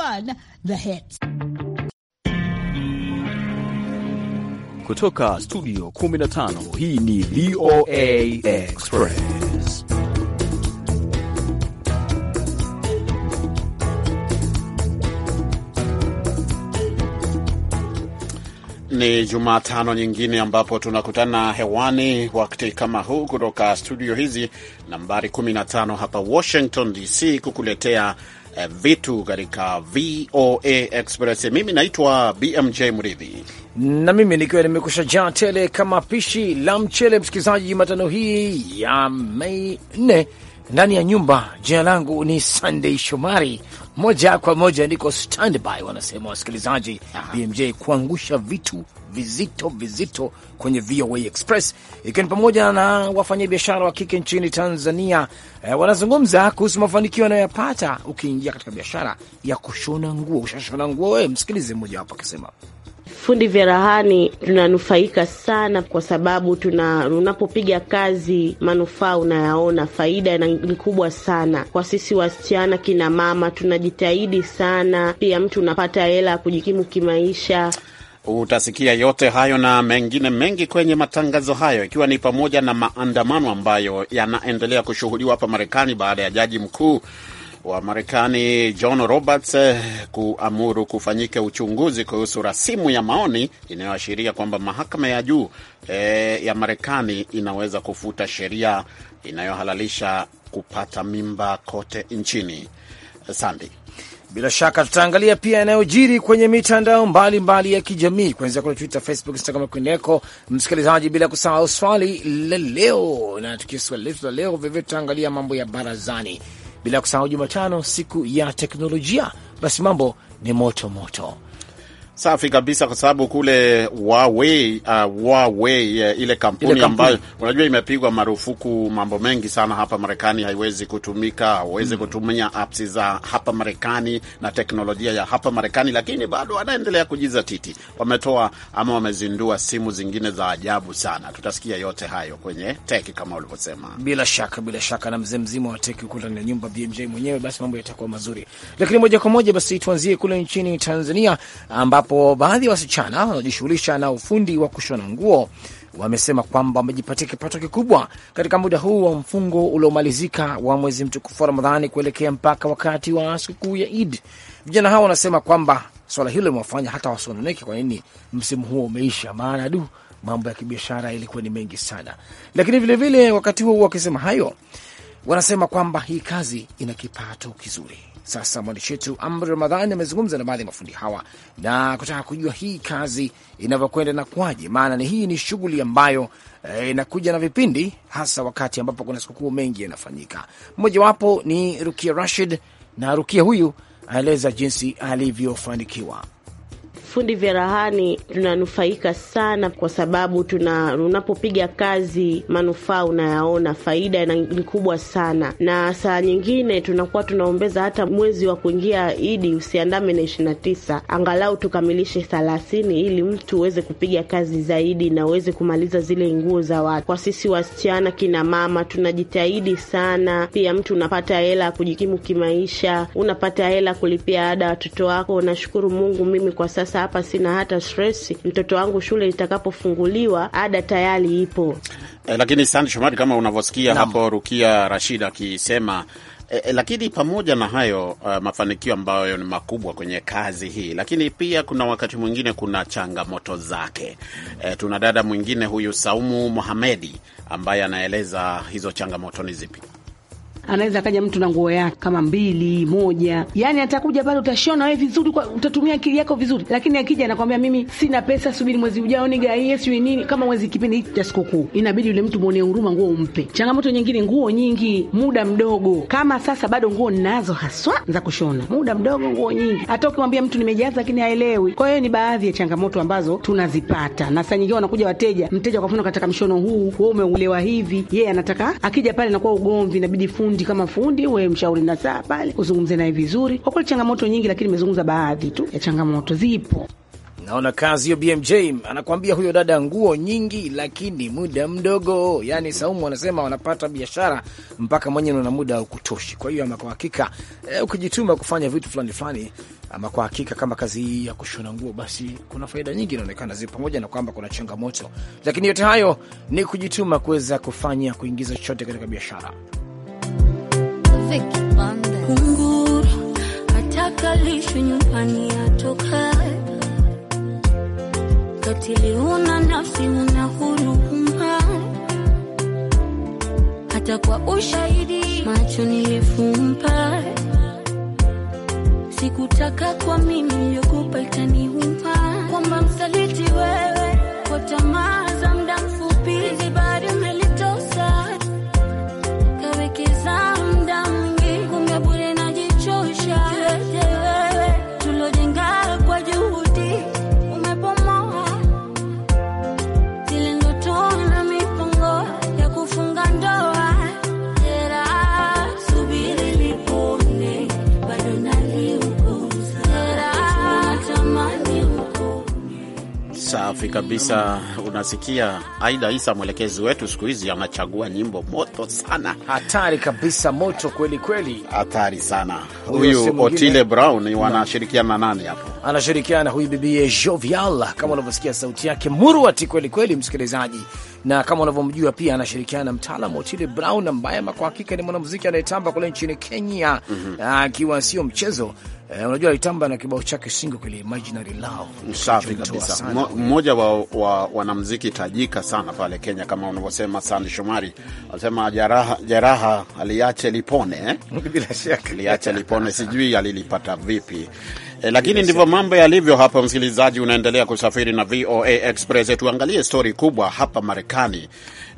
1 The Hits. Kutoka studio 15 hii ni VOA Express. Ni Jumatano nyingine ambapo tunakutana hewani wakati kama huu kutoka studio hizi nambari 15 hapa Washington DC kukuletea Eh, vitu katika VOA Express. Mimi naitwa BMJ Mridhi na mimi nikiwa nimekusha jaa tele kama pishi la mchele, msikilizaji. Jumatano hii ya Mei nne ndani ya nyumba, jina langu ni Sunday Shomari moja kwa moja niko standby, wanasema wasikilizaji. BMJ kuangusha vitu vizito vizito kwenye VOA Express, ikiwa ni pamoja na wafanyabiashara wa kike nchini Tanzania. Eh, wanazungumza kuhusu mafanikio yanayoyapata ukiingia katika biashara ya kushona nguo. Ushashona nguo wewe? Msikilize mmoja wapo akisema Fundi vya rahani tunanufaika sana, kwa sababu tuna unapopiga kazi manufaa unayaona, faida ni kubwa sana kwa sisi wasichana, kina mama tunajitahidi sana, pia mtu unapata hela ya kujikimu kimaisha. Utasikia yote hayo na mengine mengi kwenye matangazo hayo, ikiwa ni pamoja na maandamano ambayo yanaendelea kushuhudiwa hapa Marekani baada ya jaji mkuu wa Marekani John Roberts eh, kuamuru kufanyika uchunguzi kuhusu rasimu ya maoni inayoashiria kwamba mahakama ya juu e, ya Marekani inaweza kufuta sheria inayohalalisha kupata mimba kote nchini. Sandi, bila shaka tutaangalia pia yanayojiri kwenye mitandao mbalimbali ya kijamii kuanzia kwenye Twitter, Facebook, Instagram kwingineko, msikilizaji, bila kusahau swali la leo. Na tukiswali letu la leo vivyo, tutaangalia mambo ya barazani bila kusahau Jumatano siku ya teknolojia. Basi mambo ni moto moto. Safi kabisa, kwa sababu kule Huawei, uh, Huawei uh, ile kampuni ambayo unajua imepigwa marufuku mambo mengi sana hapa Marekani, haiwezi kutumika, hauwezi mm, kutumia apps za hapa Marekani na teknolojia ya hapa Marekani, lakini bado wanaendelea kujiza titi. Wametoa ama wamezindua simu zingine za ajabu sana. Tutasikia yote hayo kwenye teki kama ulivyosema, bila shaka, bila shaka, na mzee mzima wa teki huko ndani ya nyumba BMJ mwenyewe, basi mambo yatakuwa mazuri. Lakini moja kwa moja basi tuanzie kule nchini Tanzania ambapo ambapo baadhi ya wasichana wanaojishughulisha na ufundi wa kushona nguo wamesema kwamba wamejipatia kipato kikubwa katika muda huu wa mfungo uliomalizika wa mwezi mtukufu wa Ramadhani kuelekea mpaka wakati wa sikukuu ya Id. Vijana hao wanasema kwamba swala hilo limewafanya hata wasononeke, kwa nini msimu huo umeisha, maana du mambo ya kibiashara ilikuwa ni mengi sana. Lakini vilevile vile, wakati huo wakisema hayo, wanasema kwamba hii kazi ina kipato kizuri. Sasa mwandishi wetu Amri Ramadhani amezungumza na baadhi ya mafundi hawa na kutaka kujua hii kazi inavyokwenda na kwaje, maana ni hii ni shughuli ambayo eh, inakuja e, na vipindi hasa wakati ambapo kuna sikukuu mengi yanafanyika. Mmojawapo ni Rukia Rashid, na Rukia huyu aeleza jinsi alivyofanikiwa fundi rahani tunanufaika sana, kwa sababu tuna unapopiga kazi manufaa unayaona, faida ni kubwa sana, na saa nyingine tunakuwa tunaombeza hata mwezi wa kuingia Idi usiandame na ishirini na tisa, angalau tukamilishe thelathini ili mtu uweze kupiga kazi zaidi na uweze kumaliza zile nguo za watu. Kwa sisi wasichana, kina mama, tunajitahidi sana pia. Mtu unapata hela ya kujikimu kimaisha, unapata hela kulipia ada watoto wako. Nashukuru Mungu, mimi kwa sasa hapa sina hata stress, mtoto wangu shule itakapofunguliwa ada tayari ipo. Eh, lakini Sandi Shomari, kama unavyosikia hapo Rukia Rashid akisema E, e, lakini pamoja na hayo uh, mafanikio ambayo ni makubwa kwenye kazi hii, lakini pia kuna wakati mwingine kuna changamoto zake. E, tuna dada mwingine huyu Saumu Mohamedi ambaye anaeleza hizo changamoto ni zipi anaweza akaja mtu na nguo yake kama mbili moja, yani atakuja pale, utashona wewe vizuri kwa, utatumia akili yako vizuri, lakini akija anakwambia mimi sina pesa, subiri mwezi ujao nigaie, sijui nini. Kama mwezi kipindi hiki cha sikukuu, inabidi yule mtu muonee huruma, nguo umpe. Changamoto nyingine, nguo nyingi, muda mdogo. Kama sasa bado nguo ninazo haswa za kushona, muda mdogo, nguo nyingi, hata ukimwambia mtu nimejaza, lakini haelewi. Kwa hiyo ni baadhi ya changamoto ambazo tunazipata, na saa nyingine wanakuja wateja, mteja kwa mfano, kataka mshono huu, wewe umeulewa hivi, yeye yeah, anataka akija pale nakuwa ugomvi, inabidi fundi fundi kama fundi, we mshauri na saa pale uzungumze naye vizuri. Kwa kweli changamoto nyingi, lakini nimezungumza baadhi tu ya changamoto zipo. Naona kazi hiyo BMJ anakuambia huyo dada, nguo nyingi lakini muda mdogo. Yani Saumu wanasema wanapata biashara mpaka mwenye na muda haukutoshi. Kwa hiyo ama kwa hakika eh, ukijituma kufanya vitu fulani fulani, ama kwa hakika kama kazi hii ya kushona nguo, basi kuna faida nyingi inaonekana zipo, pamoja na kwamba kuna changamoto, lakini yote hayo ni kujituma kuweza kufanya kuingiza chochote katika biashara ave kipande kunguru hatakalishwi nyumbani yatoka katili, una nafsi, una huruma hata kwa ushahidi macho nilifumba sikutaka kwa mimi yokupa itaniuma kwamba msaliti wewe kwa tamaa kabisa. Unasikia Aida Isa, mwelekezi wetu siku hizi anachagua nyimbo moto sana, hatari kabisa, moto kweli kweli, hatari sana. Huyu Otile Brown wanashirikiana nani hapo? anashirikiana na huyu bibie Jovial, kama unavyosikia sauti yake murwati kweli kweli, msikilizaji, na kama unavyomjua pia anashirikiana na mtaalamu Otile Brown ambaye kwa hakika ni mwanamuziki anayetamba kule nchini Kenya mhm. ah, akiwa mm -hmm. sio mchezo eh, unajua alitamba na kibao chake singo kile Imaginary Love, safi kabisa, mmoja wa, wa wanamuziki tajika sana pale Kenya kama unavyosema. Sande Shomari alisema jeraha, jeraha aliache lipone eh? bila shaka aliache lipone, sijui alilipata vipi E, lakini ndivyo mambo yalivyo hapa. Msikilizaji, unaendelea kusafiri na VOA Express. Tuangalie stori kubwa hapa Marekani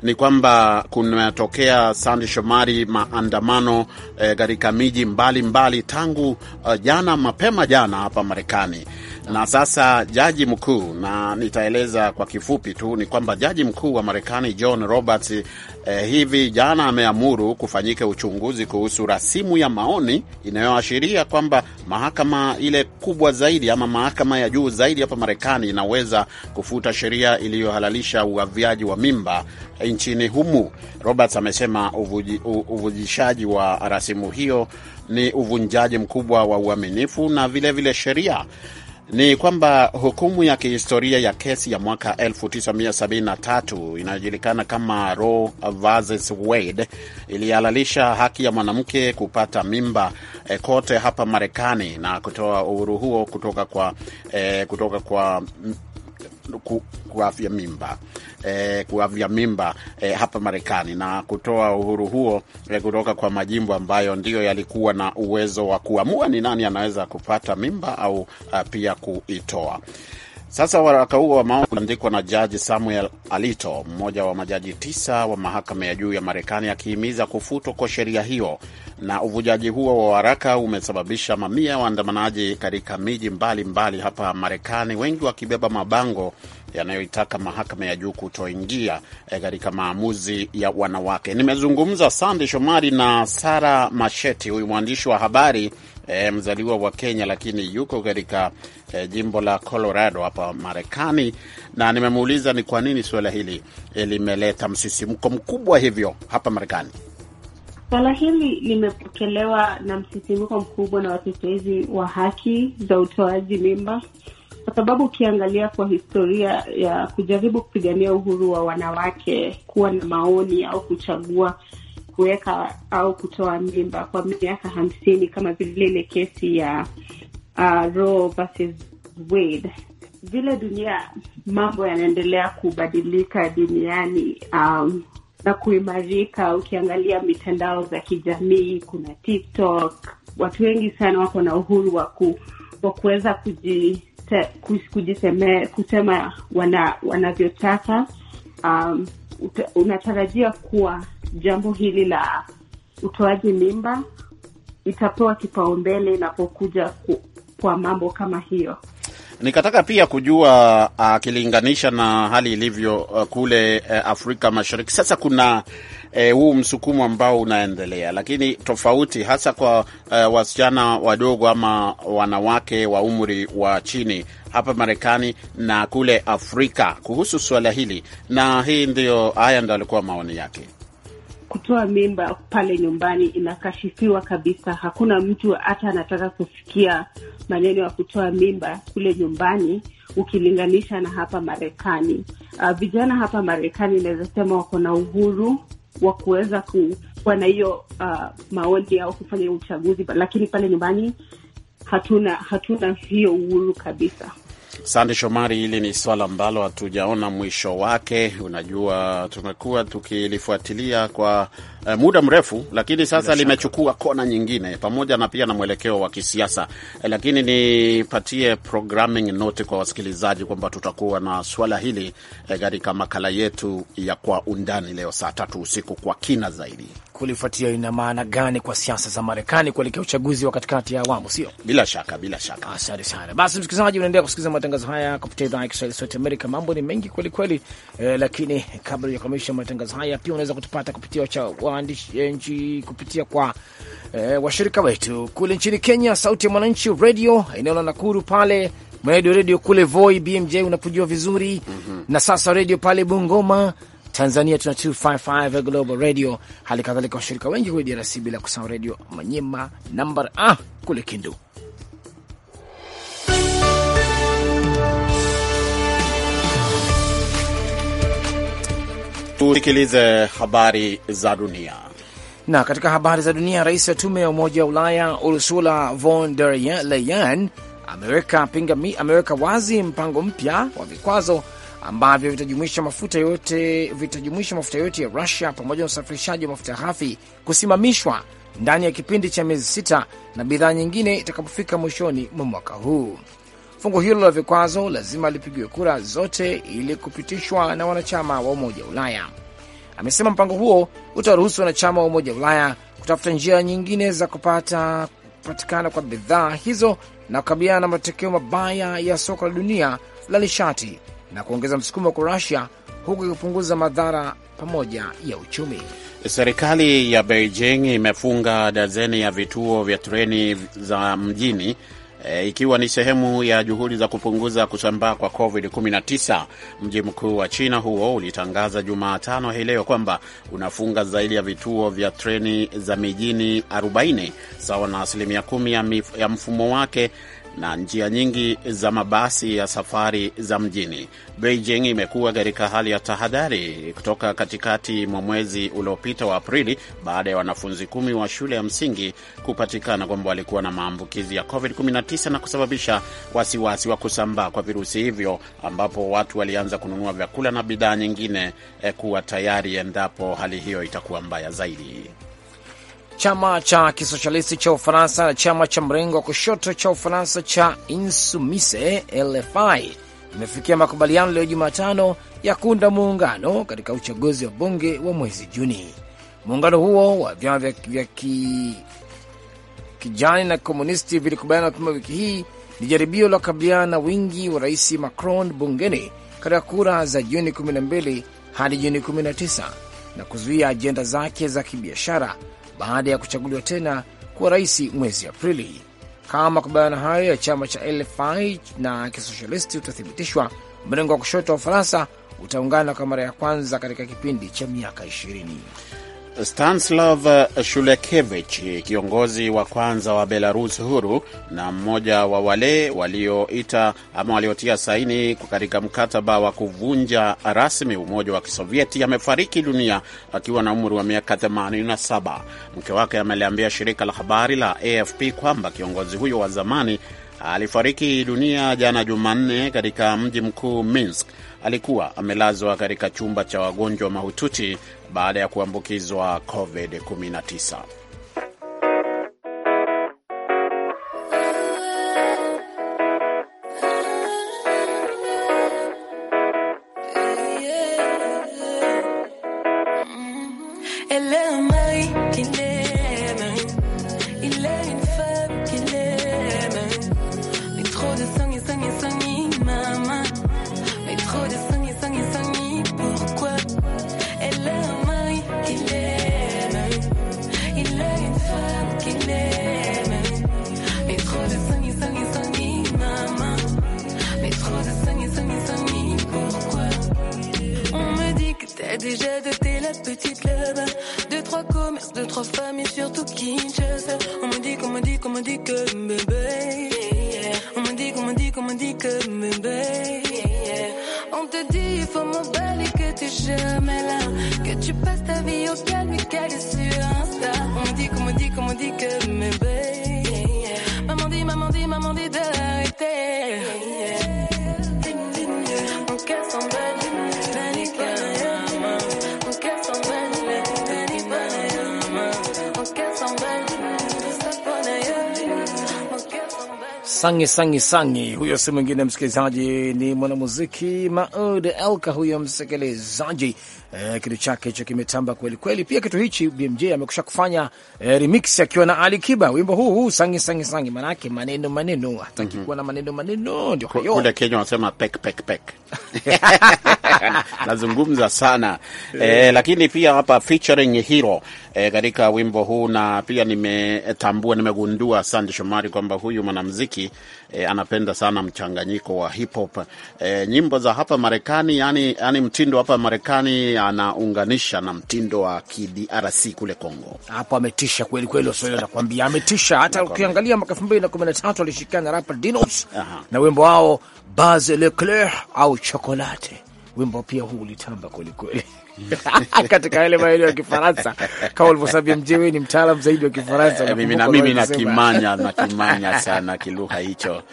ni kwamba kunatokea Sande Shomari maandamano eh, katika e, miji mbalimbali mbali, tangu uh, jana mapema jana hapa Marekani na sasa jaji mkuu, na nitaeleza kwa kifupi tu, ni kwamba jaji mkuu wa Marekani John Roberts eh, hivi jana ameamuru kufanyika uchunguzi kuhusu rasimu ya maoni inayoashiria kwamba mahakama ile kubwa zaidi ama mahakama ya juu zaidi hapa Marekani inaweza kufuta sheria iliyohalalisha uavyaji wa mimba nchini humu. Roberts amesema uvuji, uvujishaji wa rasimu hiyo ni uvunjaji mkubwa wa uaminifu na vilevile sheria ni kwamba hukumu ya kihistoria ya kesi ya mwaka 1973 inayojulikana kama Roe versus Wade ilihalalisha haki ya mwanamke kupata mimba eh, kote hapa Marekani na kutoa uhuru huo kutoka kwa, eh, kutoka kwa ku, kuavya mimba e, kuavya mimba e, hapa Marekani na kutoa uhuru huo e, kutoka kwa majimbo ambayo ndiyo yalikuwa na uwezo wa kuamua ni nani anaweza kupata mimba au a, pia kuitoa. Sasa waraka huo wa maoni uliandikwa na jaji Samuel Alito, mmoja wa majaji tisa wa mahakama ya juu ya Marekani, akihimiza kufutwa kwa sheria hiyo. Na uvujaji huo wa waraka umesababisha mamia ya waandamanaji katika miji mbalimbali hapa Marekani, wengi wakibeba mabango yanayoitaka mahakama ya juu kutoingia eh, katika maamuzi ya wanawake. Nimezungumza Sande Shomari na Sara Masheti, huyu mwandishi wa habari e, mzaliwa wa Kenya lakini yuko katika e, jimbo la Colorado hapa Marekani, na nimemuuliza ni kwa nini suala hili e, limeleta msisimko mkubwa hivyo hapa Marekani. Swala hili limepokelewa na msisimko mkubwa na watetezi wa haki za utoaji mimba, kwa sababu ukiangalia kwa historia ya kujaribu kupigania uhuru wa wanawake kuwa na maoni au kuchagua kuweka au kutoa mimba kwa miaka hamsini kama vile ile kesi ya uh, Roe versus Wade. Vile dunia mambo yanaendelea kubadilika duniani um, na kuimarika. Ukiangalia mitandao za kijamii, kuna TikTok, watu wengi sana wako na uhuru wa wa kuweza kujiseme, kusema wana, wanavyotaka um, unatarajia kuwa jambo hili la utoaji mimba itapewa kipaumbele inapokuja ku, kwa mambo kama hiyo. Nikataka pia kujua ah, akilinganisha uh, na hali ilivyo uh, kule uh, Afrika Mashariki. Sasa kuna eh, huu uh, msukumo ambao unaendelea, lakini tofauti hasa kwa uh, wasichana wadogo ama wanawake wa umri wa chini hapa Marekani na kule Afrika kuhusu suala hili, na hii ndio, haya ndo alikuwa maoni yake kutoa mimba pale nyumbani inakashifiwa kabisa. Hakuna mtu hata anataka kusikia maneno ya kutoa mimba kule nyumbani ukilinganisha na hapa Marekani. Uh, vijana hapa Marekani inaweza sema wako na uhuru wa kuweza kuwa na hiyo uh, maoni au kufanya uchaguzi, lakini pale nyumbani hatuna hatuna hiyo uhuru kabisa. Sande Shomari, hili ni swala ambalo hatujaona mwisho wake. Unajua, tumekuwa tukilifuatilia kwa eh, muda mrefu, lakini sasa limechukua kona nyingine, pamoja na pia na mwelekeo wa kisiasa eh, lakini nipatie programming note kwa wasikilizaji kwamba tutakuwa na swala hili eh, katika eh, makala yetu ya kwa undani leo saa tatu usiku kwa kina zaidi kulifuatia ina maana gani kwa siasa za Marekani kuelekea uchaguzi wa katikati ya awamu, sio? Bila shaka, bila shaka. Asante sana. Basi msikilizaji, unaendelea kusikiliza matangazo haya kupitia idhaa ya Kiswahili Sauti Amerika. Mambo ni mengi kweli kweli, eh, lakini kabla ya kukamilisha matangazo haya, pia unaweza kutupata kupitia cha waandishi eh, kupitia kwa eh, washirika wetu kule nchini Kenya, Sauti ya Mwananchi Radio eneo la Nakuru pale mwenedio redio kule Voi BMJ unapojua vizuri mm -hmm. na sasa redio pale Bungoma Tanzania tuna 255 Global Radio, hali kadhalika washirika wengi kule DRC, bila kusahau redio Manyema namba ah, kule Kindu. Tusikilize habari za dunia. Na katika habari za dunia, rais wa tume ya Umoja wa Ulaya Ursula von der Leyen ameweka, ameweka wazi mpango mpya wa vikwazo ambavyo vitajumuisha mafuta yote vitajumuisha mafuta yote ya Rusia pamoja na usafirishaji wa mafuta ghafi kusimamishwa ndani ya kipindi cha miezi sita na bidhaa nyingine itakapofika mwishoni mwa mwaka huu. Fungu hilo la vikwazo lazima lipigiwe kura zote ili kupitishwa na wanachama wa Umoja wa Ulaya. Amesema mpango huo utaruhusu wanachama wa Umoja wa Ulaya kutafuta njia nyingine za kupata kupatikana kwa bidhaa hizo na kukabiliana na matokeo mabaya ya soko la dunia la nishati na kuongeza msukumo kwa Rusia huku ikipunguza madhara pamoja ya uchumi. Serikali ya Beijing imefunga dazeni ya vituo vya treni za mjini E, ikiwa ni sehemu ya juhudi za kupunguza kusambaa kwa COVID-19. Mji mkuu wa China huo ulitangaza Jumatano hii leo kwamba unafunga zaidi ya vituo vya treni za mijini 40 sawa na asilimia kumi ya mfumo wake na njia nyingi za mabasi ya safari za mjini. Beijing imekuwa katika hali ya tahadhari kutoka katikati mwa mwezi uliopita wa Aprili baada ya wanafunzi kumi wa shule ya msingi kupatikana kwamba walikuwa na maambukizi ya COVID-19 na kusababisha wasiwasi wa kusambaa kwa virusi hivyo, ambapo watu walianza kununua vyakula na bidhaa nyingine eh, kuwa tayari endapo hali hiyo itakuwa mbaya zaidi. Chama cha kisoshalisti cha Ufaransa na chama cha mrengo wa kushoto cha Ufaransa cha Insumise LFI imefikia makubaliano leo Jumatano ya kuunda muungano katika uchaguzi wa bunge wa mwezi Juni. Muungano huo wa vyama vya, vya ki, kijani na komunisti vilikubaliana mapema wiki hii. Ni jaribio la kukabiliana na wingi wa rais Macron bungeni katika kura za Juni 12 hadi Juni 19 na kuzuia ajenda zake za kibiashara baada ya kuchaguliwa tena kuwa rais mwezi Aprili. Kama makubaliano hayo ya chama cha LFI na kisosialisti utathibitishwa, mrengo wa kushoto wa Ufaransa utaungana kwa mara ya kwanza katika kipindi cha miaka ishirini. Stanislav Shulekevich, kiongozi wa kwanza wa Belarus huru na mmoja wa wale walioita ama waliotia saini katika mkataba wa kuvunja rasmi umoja wa Kisovieti, amefariki dunia akiwa na umri wa miaka 87. Mke wake ameliambia shirika la habari la AFP kwamba kiongozi huyo wa zamani alifariki dunia jana Jumanne katika mji mkuu Minsk. Alikuwa amelazwa katika chumba cha wagonjwa mahututi baada ya kuambukizwa COVID-19. me dit que me sangi sangi sangi. Huyo si mwingine msikilizaji, ni mwanamuziki Maud Elka huyo msikilizaji. E, kitu chake hicho kimetamba kweli kweli. Pia kitu hichi BMJ amekusha kufanya e, remix akiwa na Ali Kiba, wimbo huu huu sangi sangi sangi, manake maneno maneno, hataki mhm. kuwa na maneno maneno. Ndio hayo kule Kenya wanasema pek pek pek, nazungumza sana e, lakini pia hapa featuring hero Eh, katika e, wimbo huu, na pia nimetambua, nimegundua asante Shomari kwamba huyu mwanamuziki e, anapenda sana mchanganyiko wa hip hop e, nyimbo za hapa Marekani, yani, yani mtindo hapa Marekani anaunganisha na mtindo wa kidrc kule Kongo. Hapo ametisha kweli kweli, Waswahili wanakuambia ametisha. Hata ukiangalia mwaka elfu mbili na kumi na tatu alishirikiana na rapa Dinos na wimbo wao Baz Leclerc au Chokolate. Wimbo pia huu ulitamba kwelikweli. katika yale maeneo ya Kifaransa kama mjewe ni zaidi wa Kifaransa. Eh, mimi na mimi sana kilugha hicho,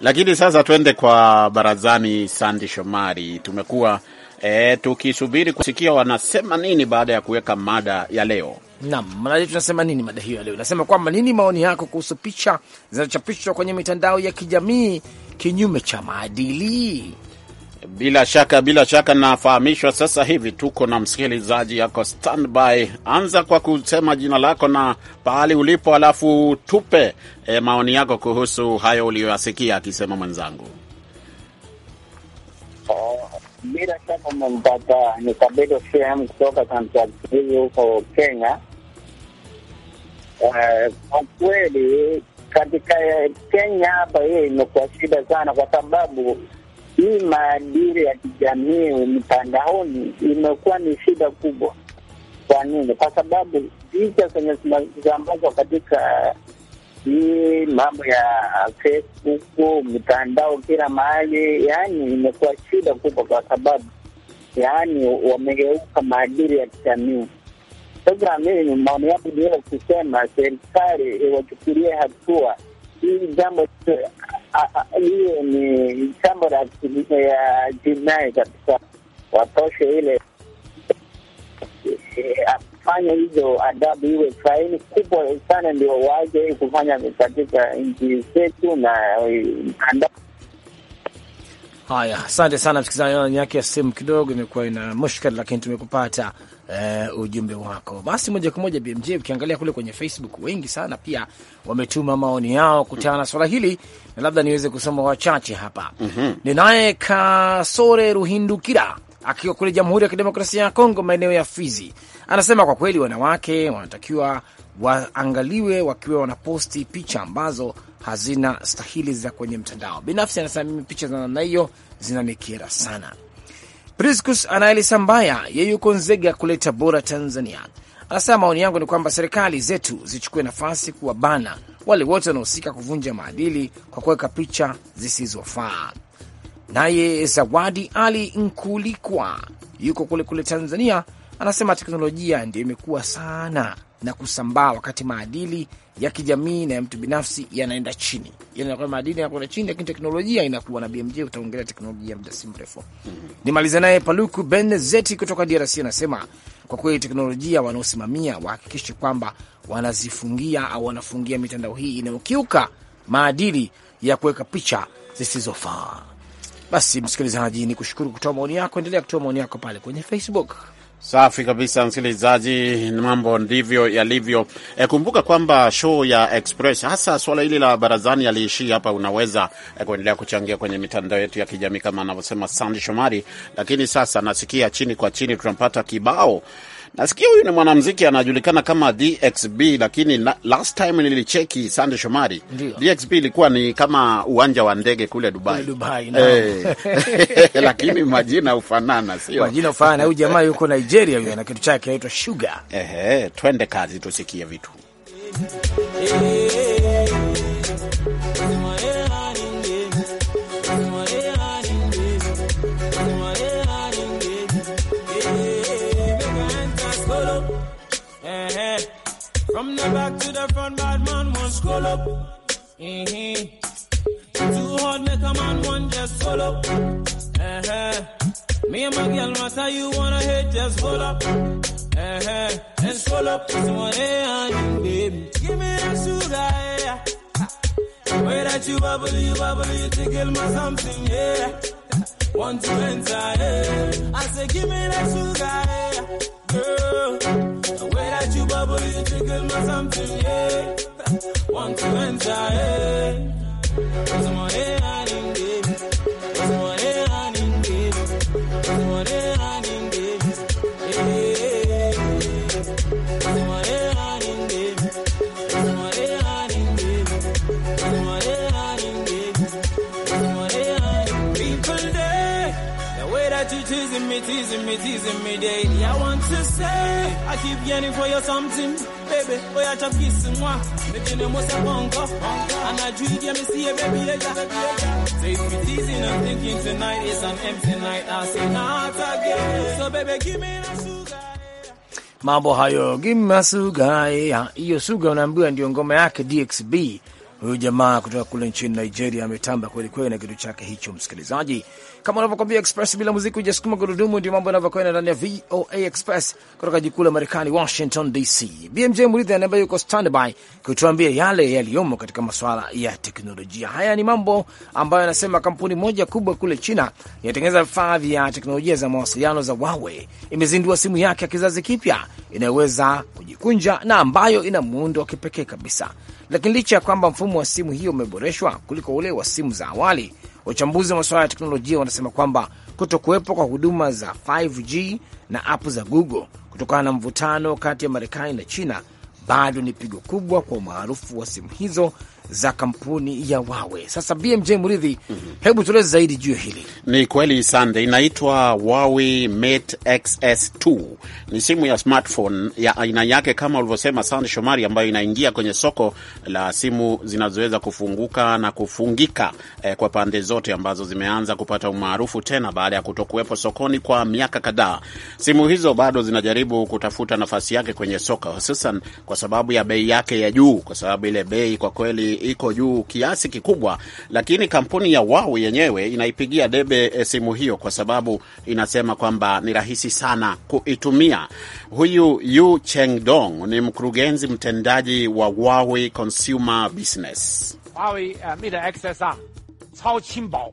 lakini sasa tuende kwa barazani. Sandi Shomari, tumekuwa e, tukisubiri kusikia wanasema nini baada ya kuweka mada ya leo. Naam, mada tunasema nini? Mada hiyo ya leo nasema kwamba nini maoni yako kuhusu picha zinazochapishwa kwenye mitandao ya kijamii kinyume cha maadili? Bila shaka, bila shaka nafahamishwa sasa hivi tuko na msikilizaji yako standby. Anza kwa kusema jina lako na pahali ulipo, alafu tupe e, maoni yako kuhusu hayo uliyoyasikia akisema mwenzangu. Ah, bila shaka umempata ni kabido sehemu kutoka Kantakivi huko Kenya. Eh, kwa kweli katika Kenya hapa, hii imekuwa shida sana, kwa sababu hii maadili ya kijamii mitandaoni imekuwa ni shida kubwa. Kwa nini? Kwa sababu picha zenye zinasambazwa katika hii mambo ya Facebook, mitandao kila mahali, yaani imekuwa shida kubwa, kwa sababu yaani wamegeuka maadili ya kijamii. Sasa mimi maoni yangu niyo kusema serikali iwachukulie hatua hii jambo Ah, ah, hiyo ni jambo la eh, jinai kabisa, watoshe ile eh, eh, afanye hizo adabu, iwe faini kubwa sana, ndio waje kufanya katika nchi zetu na haya. Asante sana msikilizaji, yake ya simu kidogo imekuwa ina mushkeli, lakini tumekupata uh, ujumbe wako. Basi moja kwa moja BMJ, ukiangalia kule kwenye Facebook wengi sana pia wametuma maoni yao kutana na swala hili, na labda niweze kusoma wachache hapa. mm -hmm. Ninaye Kasore Ruhindukira akiwa kule Jamhuri ya Kidemokrasia ya Kongo, maeneo ya Fizi, anasema kwa kweli wanawake wanatakiwa waangaliwe wakiwa wanaposti picha ambazo hazina stahili za kwenye mtandao. Binafsi anasema mimi picha za namna hiyo zinanikera sana. Priscus Anaelisambaya ye yuko Nzega kule Tabora, Tanzania, anasema maoni yangu ni kwamba serikali zetu zichukue nafasi kuwa bana wale wote wanaohusika kuvunja maadili kwa kuweka picha zisizofaa. Naye Zawadi Ali Nkulikwa yuko kule kule Tanzania, anasema teknolojia ndio imekuwa sana na kusambaa, wakati maadili ya kijamii na ya mtu binafsi yanaenda chini, yanakuwa yaani maadili yanakwenda chini, lakini teknolojia inakuwa na BMJ. Utaongelea teknolojia muda si mrefu. Mhm. Nimaliza naye Paluku Benezeti kutoka DRC anasema kwa kweli teknolojia wanaosimamia wahakikishe kwamba wanazifungia au wanafungia mitandao hii inayokiuka maadili ya kuweka picha zisizofaa. Basi msikilizaji, ni kushukuru kutoa maoni yako. Endelea kutoa maoni yako pale kwenye Facebook. Safi kabisa, msikilizaji, mambo ndivyo yalivyo. E, kumbuka kwamba show ya Express hasa swala hili la barazani yaliishii hapa. Unaweza e, kuendelea kuchangia kwenye mitandao yetu ya kijamii kama anavyosema Sandi Shomari, lakini sasa nasikia chini kwa chini tunapata kibao Nasikia huyu ni mwanamziki anajulikana kama DXB, lakini la, last time nilicheki Sande Shomari, DXB ilikuwa ni kama uwanja wa ndege kule Dubai, kule Dubai no. Hey. Eh. lakini majina ufanana, sio majina hufanana. Huyu jamaa yuko Nigeria, huyu ana kitu chake anaitwa Sugar. Ehe, twende kazi tusikie vitu hey, eh, eh, hey. back to the front, bad man, one scroll up. Mm-hmm. Too hard, make a man, one just roll up. Uh-huh. Me and my girl, master, you wanna hit, just roll up. Uh-huh. And scroll up to someone, hey, and you, baby. Give me that sugar, yeah. Way that you bubble, you bubble, you tickle my something, yeah. Want to enter, yeah. I say, give me that sugar, yeah. Girl busy chicken my something, yeah. Want to enter, yeah. Cause I'm on AI. teasing me, teasing me daily. I want to say, I keep yearning for you something, baby. Oh, yeah, chop kissing moi. Making the most of one cup. And I dream, yeah, me see a baby later. So if you teasing, I'm thinking tonight is an empty night. I say, not again. So baby, give me the sugar. Mambo hayo gimma suga, hiyo suga unaambiwa ndio ngoma yake DXB Huyu jamaa kutoka kule nchini Nigeria ametamba kweli kweli na kitu chake hicho. Msikilizaji, kama unavyokwambia Express, bila muziki hujasukuma gurudumu. Ndio mambo yanavyokwenda ndani ya VOA Express kutoka jikuu la Marekani, Washington DC. BMJ Murithi ambaye yuko standby kutuambia yale yaliyomo katika masuala ya teknolojia. Haya ni mambo ambayo anasema kampuni moja kubwa kule China inatengeneza vifaa vya teknolojia za mawasiliano za Huawei imezindua simu yake ya kizazi kipya inayoweza kujikunja na ambayo ina muundo wa kipekee kabisa. Lakini licha ya kwamba mfumo wa simu hiyo umeboreshwa kuliko ule wa simu za awali, wachambuzi wa masuala ya teknolojia wanasema kwamba kuto kuwepo kwa huduma za 5G na app za Google kutokana na mvutano kati ya Marekani na China bado ni pigo kubwa kwa umaarufu wa simu hizo za kampuni ya Wawe. Sasa BMJ Mridhi, mm -hmm. hebu tueleze zaidi juu ya hili. Ni kweli sande, inaitwa Wawe Mate XS2, ni simu ya smartphone ya aina yake kama ulivyosema Sande Shomari, ambayo inaingia kwenye soko la simu zinazoweza kufunguka na kufungika eh, kwa pande zote ambazo zimeanza kupata umaarufu tena baada ya kutokuwepo sokoni kwa miaka kadhaa. Simu hizo bado zinajaribu kutafuta nafasi yake kwenye soko, hususan kwa sababu ya bei yake ya juu, kwa sababu ile bei kwa kweli iko juu kiasi kikubwa, lakini kampuni ya Huawei yenyewe inaipigia debe eh, simu hiyo kwa sababu inasema kwamba ni rahisi sana kuitumia. Huyu Yu Cheng Dong ni mkurugenzi mtendaji wa Huawei Consumer Business. Huawei, uh,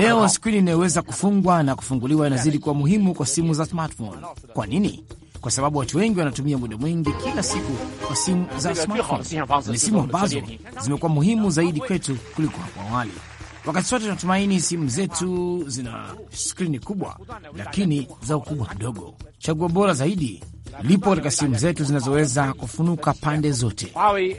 Leo skrini inayoweza kufungwa na kufunguliwa inazidi kuwa muhimu kwa simu za smartphone. Kwa nini? kwa sababu watu wengi wanatumia muda mwingi kila siku kwa simu za smartphone, Ni simu ambazo zimekuwa muhimu zaidi kwetu kuliko hapo awali. Wakati sote tunatumaini simu zetu zina skrini kubwa, lakini za ukubwa mdogo. Chaguo bora zaidi lipo katika simu zetu zinazoweza kufunuka pande zote. Eh,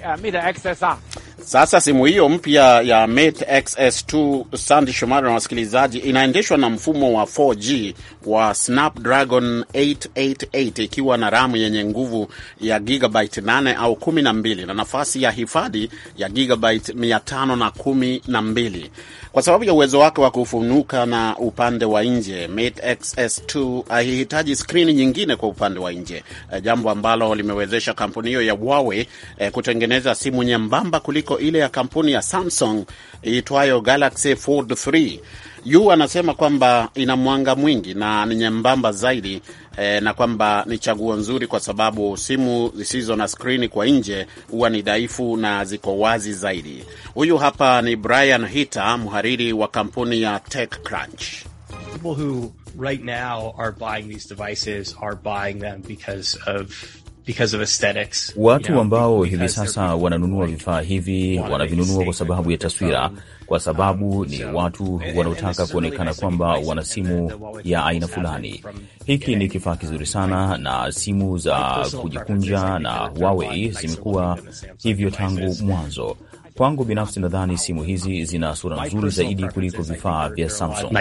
sasa simu hiyo mpya ya Mate XS2, Sandi Shomari na wasikilizaji, inaendeshwa na mfumo wa 4G wa Snapdragon 888 ikiwa na ramu yenye nguvu ya gigabyte 8 au 12 na nafasi ya hifadhi ya gigabyte 512. Kwa sababu ya uwezo wake wa kufunuka na upande wa nje, Mate XS2 haihitaji skrini nyingine kwa upande wa nje, eh, jambo ambalo limewezesha kampuni hiyo ya Huawei eh, kutengeneza simu nyembamba kuliko kuliko ile ya kampuni ya Samsung iitwayo Galaxy Fold 3. Yu anasema kwamba ina mwanga mwingi na ni nyembamba zaidi e, na kwamba ni chaguo nzuri kwa sababu simu zisizo na skrini kwa nje huwa ni dhaifu na ziko wazi zaidi. Huyu hapa ni Brian Hita, mhariri wa kampuni ya TechCrunch. right now are buying these devices are buying them because of Watu ambao hivi sasa wananunua vifaa hivi wanavinunua kwa sababu ya taswira, kwa sababu um, ni watu wanaotaka kuonekana kwamba wana simu ya aina fulani. Hiki ni kifaa kizuri sana, na simu za kujikunja na Huawei zimekuwa hivyo tangu mwanzo. Kwangu binafsi nadhani simu hizi zina sura nzuri zaidi kuliko vifaa vya Samsung.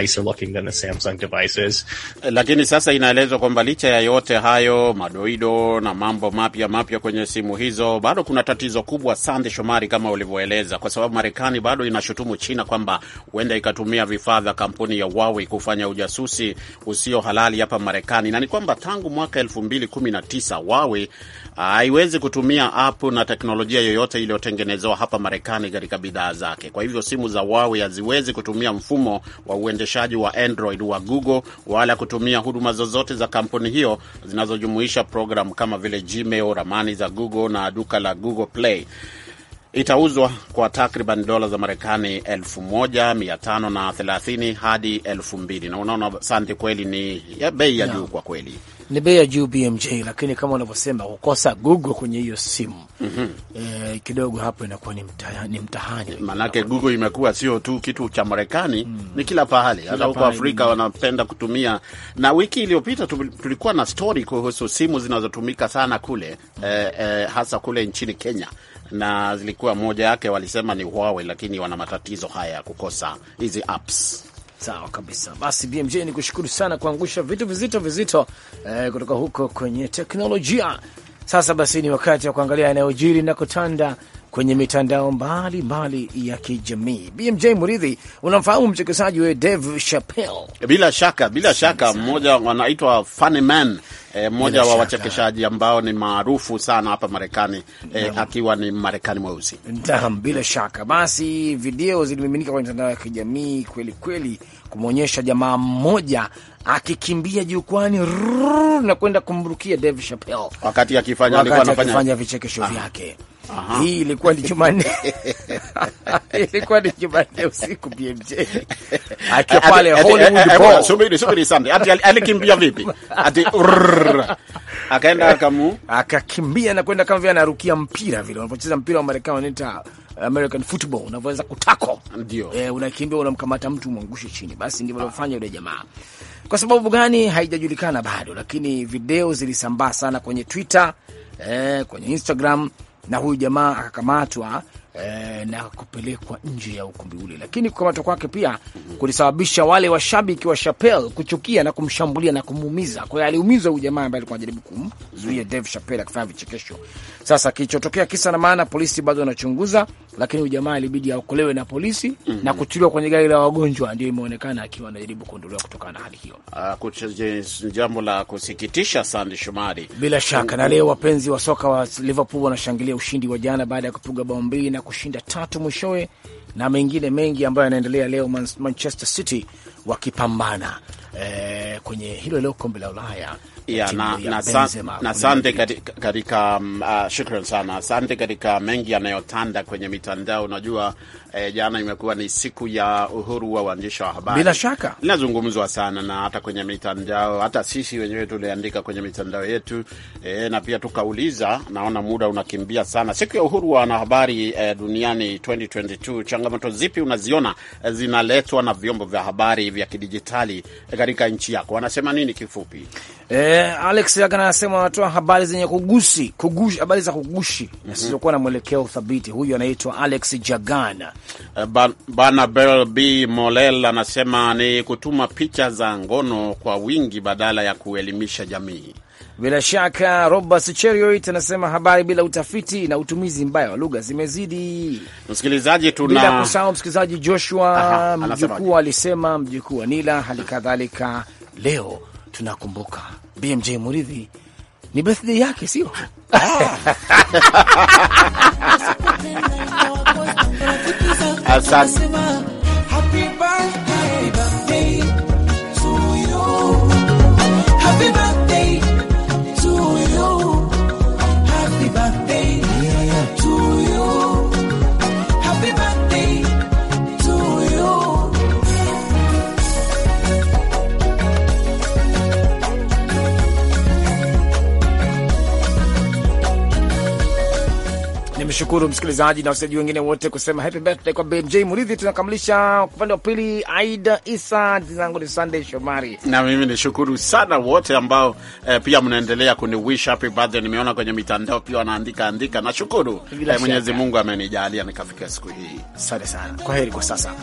Eh, lakini sasa inaelezwa kwamba licha ya yote hayo madoido na mambo mapya mapya kwenye simu hizo, bado kuna tatizo kubwa, Sande Shomari, kama ulivyoeleza, kwa sababu Marekani bado inashutumu China kwamba huenda ikatumia vifaa vya kampuni ya Huawei kufanya ujasusi usio halali hapa Marekani, na ni kwamba tangu mwaka 219 Huawei haiwezi kutumia app na teknolojia yoyote iliyotengenezewa hapa Marekani katika bidhaa zake. Kwa hivyo simu za Huawei haziwezi kutumia mfumo wa uendeshaji wa Android wa Google wala kutumia huduma zozote za kampuni hiyo zinazojumuisha programu kama vile Gmail, ramani za Google na duka la Google Play. Itauzwa kwa takriban dola za Marekani 1530 hadi 2000. Na unaona, asante kweli, ni bei ya juu kwa kweli ni bei ya juu BMJ, lakini kama unavyosema kukosa Google kwenye hiyo simu mm -hmm. E, kidogo hapo inakuwa ni, mta, ni mtahani. Maanake Google imekuwa sio tu kitu cha Marekani mm. ni kila pahali, hata huko Afrika wanapenda kutumia. Na wiki iliyopita tulikuwa na story kuhusu simu zinazotumika sana kule mm. e, e, hasa kule nchini Kenya na zilikuwa moja yake walisema ni Huawei, lakini wana matatizo haya ya kukosa hizi apps Sawa kabisa. Basi BMJ ni kushukuru sana kuangusha vitu vizito vizito eh, kutoka huko kwenye teknolojia. Sasa basi ni wakati wa kuangalia yanayojiri na kutanda kwenye mitandao mbalimbali ya kijamii. BMJ Muridhi, unamfahamu mchekeshaji we Dave Chappelle? Bila shaka, bila shaka, mmoja wanaitwa funny man eh, mmoja e, wa wachekeshaji ambao ni maarufu sana hapa Marekani e, akiwa ni Marekani mweusi. Naam, bila shaka. Basi video zilimiminika kwenye mitandao ya kijamii kweli kweli, kumwonyesha jamaa mmoja akikimbia jukwani na kwenda kumrukia Dave Chappelle wakati akifanya vichekesho vyake. Aha. Hii ilikuwa ni Jumanne ilikuwa ni Jumanne usiku BMJ akiwa pale Hollywood Bowl. Subiri subiri ati alikimbia vipi? Ati akaenda akamu akakimbia na kwenda kama vile anarukia mpira vile wanapocheza mpira wa Marekani wanaita American football, unavyoweza kutako, ndio eh, unakimbia unamkamata mtu umwangushe chini. Basi ndivyo alivyofanya yule jamaa. Kwa sababu gani haijajulikana bado, lakini video zilisambaa sana kwenye Twitter eh, kwenye Instagram na huyu jamaa akakamatwa e, na kupelekwa nje ya ukumbi ule. Lakini kukamatwa kwake pia kulisababisha wale washabiki wa Chappelle kuchukia na kumshambulia na kumuumiza. Kwa hiyo aliumizwa huyu jamaa ambaye alikuwa anajaribu kumzuia Dave Chappelle akifanya vichekesho. Sasa kilichotokea kisa na maana, polisi bado wanachunguza lakini ujamaa jamaa ilibidi aokolewe na polisi mm -hmm. na kuchuliwa kwenye gari la wagonjwa, ndio imeonekana akiwa anajaribu kuondolewa kutokana na hali hiyo. Uh, jambo la kusikitisha, Sande Shomari, bila shaka. Na leo wapenzi wa soka wa Liverpool wanashangilia ushindi wa jana baada ya kupiga bao mbili na kushinda tatu mwishowe, na mengine mengi ambayo yanaendelea leo. Manchester City wakipambana eh, kwenye hilo leo kombe la Ulaya eh, ya, na, na, na sante katika, uh, shukran sana sante katika mengi yanayotanda kwenye mitandao unajua eh, jana imekuwa ni siku ya uhuru wa waandishi wa habari, bila shaka inazungumzwa sana na hata kwenye mitandao, hata sisi wenyewe tuliandika kwenye mitandao yetu eh, na pia tukauliza. Naona muda unakimbia sana. Siku ya uhuru wa wanahabari eh, duniani 2022, changamoto zipi unaziona eh, zinaletwa na vyombo vya habari vya kidijitali eh, katika nchi yako? Wanasema nini kifupi? Eh, Alex anasema wanatoa habari zenye kugusi, kugushi, habari za kugushi mm -hmm. na zisizokuwa na mwelekeo thabiti. Huyu anaitwa Alex Jagana Eh, Barnabel B Molel anasema ni kutuma picha za ngono kwa wingi badala ya kuelimisha jamii. Bila shaka Robert Cheruiyot anasema habari bila utafiti na utumizi mbaya wa lugha zimezidi. Msikilizaji tuna... bila kusahau msikilizaji Joshua mjukuu alisema, mjukuu wa Nila. Hali kadhalika leo tunakumbuka BMJ Muridhi, ni birthday yake sio? Asante. kushukuru msikilizaji na wasikilizaji wengine wote kusema happy birthday kwa BMJ Muridhi. Tunakamilisha upande wa pili, Aida Isa, zangu ni Sunday Shomari na mimi ni shukuru sana wote ambao eh, pia mnaendelea kuni wish happy birthday. Nimeona kwenye mitandao pia wanaandika andika, nashukuru eh, Mwenyezi Mungu amenijalia nikafika siku hii. Asante sana, kwa heri kwa sasa.